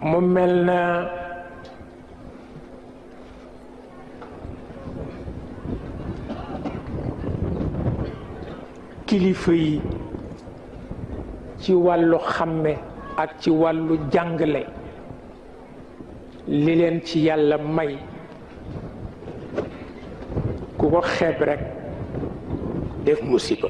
mu mel na kilifa yi ci wàllu xàmme ak ci wàllu jàngale li leen ci yàlla may ku ko xeeb rekk def musiba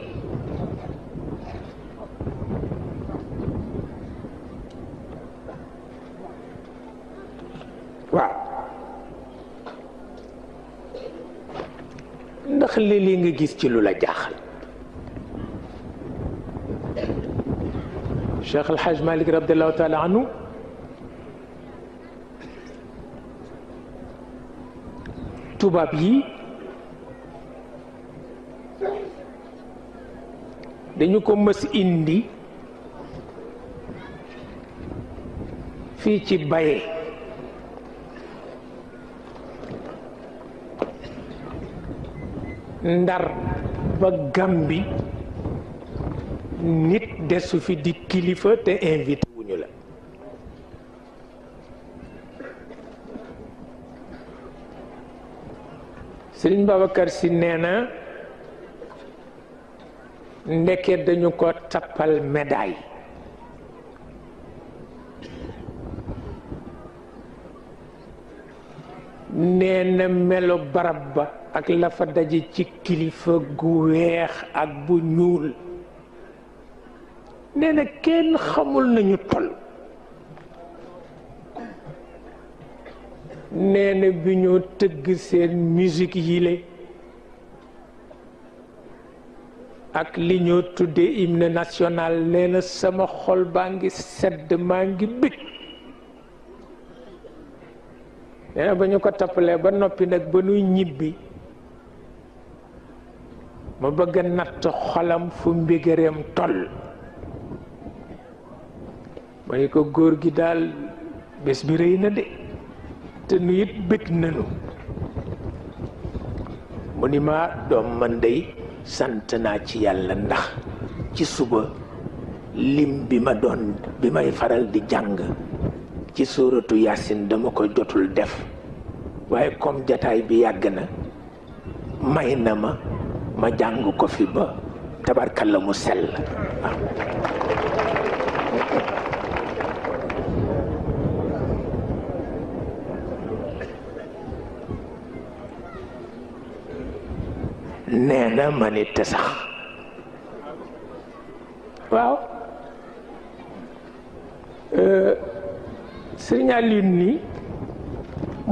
sax léeg-léeg nga gis ci lu la jaaxal Cheikh El Hadj Malick radiallahu taala anhu tubaab yi dañu ko mës indi fii ci Baye ndar ba Gàmbi nit desu fi di kilifa te invité wuñu la Sëriñ Babacar Si neena na dañu ko tappal médaille nee melo barab ba ak la daje ci kilifa gu weex ak bu ñuul nee kenn xamul nañu toll nee bi ñoo tëgg seen musique yile ak li ñoo tudde hymne national nee sama xol baa ngi sedd maa ngi bëgg nee na ba ñu ko tappalee ba noppi nag ba nuy ñibbi ma bëgg a natt xolam fu mbigëreem toll ma ko góor gi daal bés bi rëy na de te nu it bëgg nanu mu ni man day sant ci ndax ci suba lim bima don bima faral di ci suratu yasin dama ko jotul def waaye comme jataay bi yàgg na may na ma ma jàng ko fi ba tabarkalla mu sell nee na ma nit te sax waaw Sëriñ Alioune nii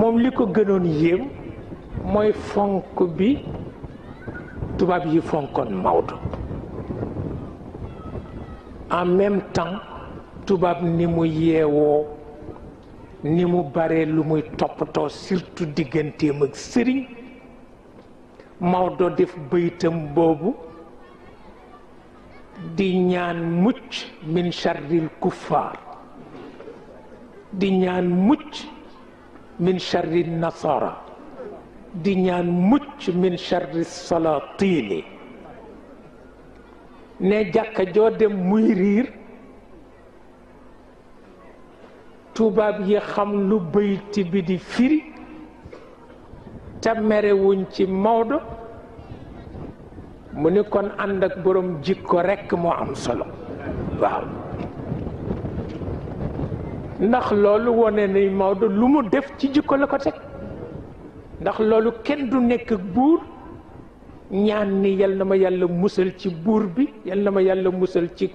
moom li ko gënoon yéem mooy fonk bi tubaab yi fonkoon Maodo en même temps tubaab ni mu yeewoo ni mu bare lu muy toppatoo surtout digganteem ak sëriñ Maodo def bëytam boobu di ñaan mucc min charril kuffaar di ñaan mucc min charri nasara di ñaan mucc min charri salatini ne jàkka joo dem muy riir tubaab yi xam lu bayti bi di firi te merewuñ ci Maodo mu ni kon ànd ak borom jikko rekk moo am solo waaw ndax loolu wone ni Maodo lu mu def ci jikko la ko teg ndax loolu kenn du nekk buur ñaan ni yal na ma yàlla musal ci buur bi yal na ma yàlla musal ci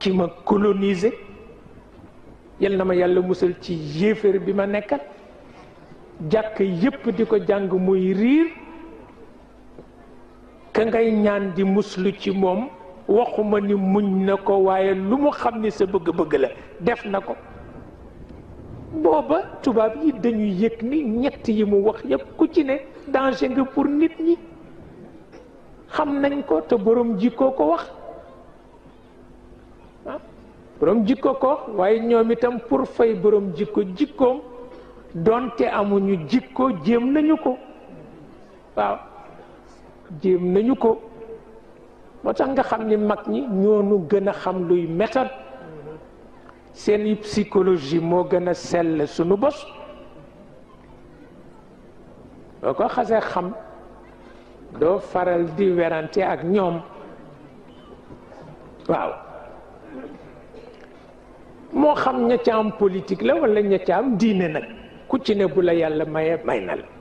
ki ma colonisé yal na ma yàlla musal ci yéeféer bi ma nekkal jàkk yépp di ko jàng muy riir ka ngay ñaan di muslu ci moom waxuma ni muñ na ko waaye lu mu xam ni sa bëgg-bëgg la def na ko booba tubaab yi dañuy yëg ni ñett yi mu wax yépp ku ci ne danger nga pour nit ñi xam nañ ko te boroom jikkoo ko wax ah, borom jikko ko waaye ñoom itam pour fay boroom jikko jikkoom donte amuñu jikkoo jéem nañu ko waaw jéem nañu ko moo tax nga xam ni mag ñi ñoonu gën a xam luy méthode seeni psychologie moo gën a sell sunu bos boo ko xasee xam doo faral di werante ak ñoom waaw moo xam ña ca am politique la wala ña ca am diine nag ku ci ne bu la yàlla maye may na la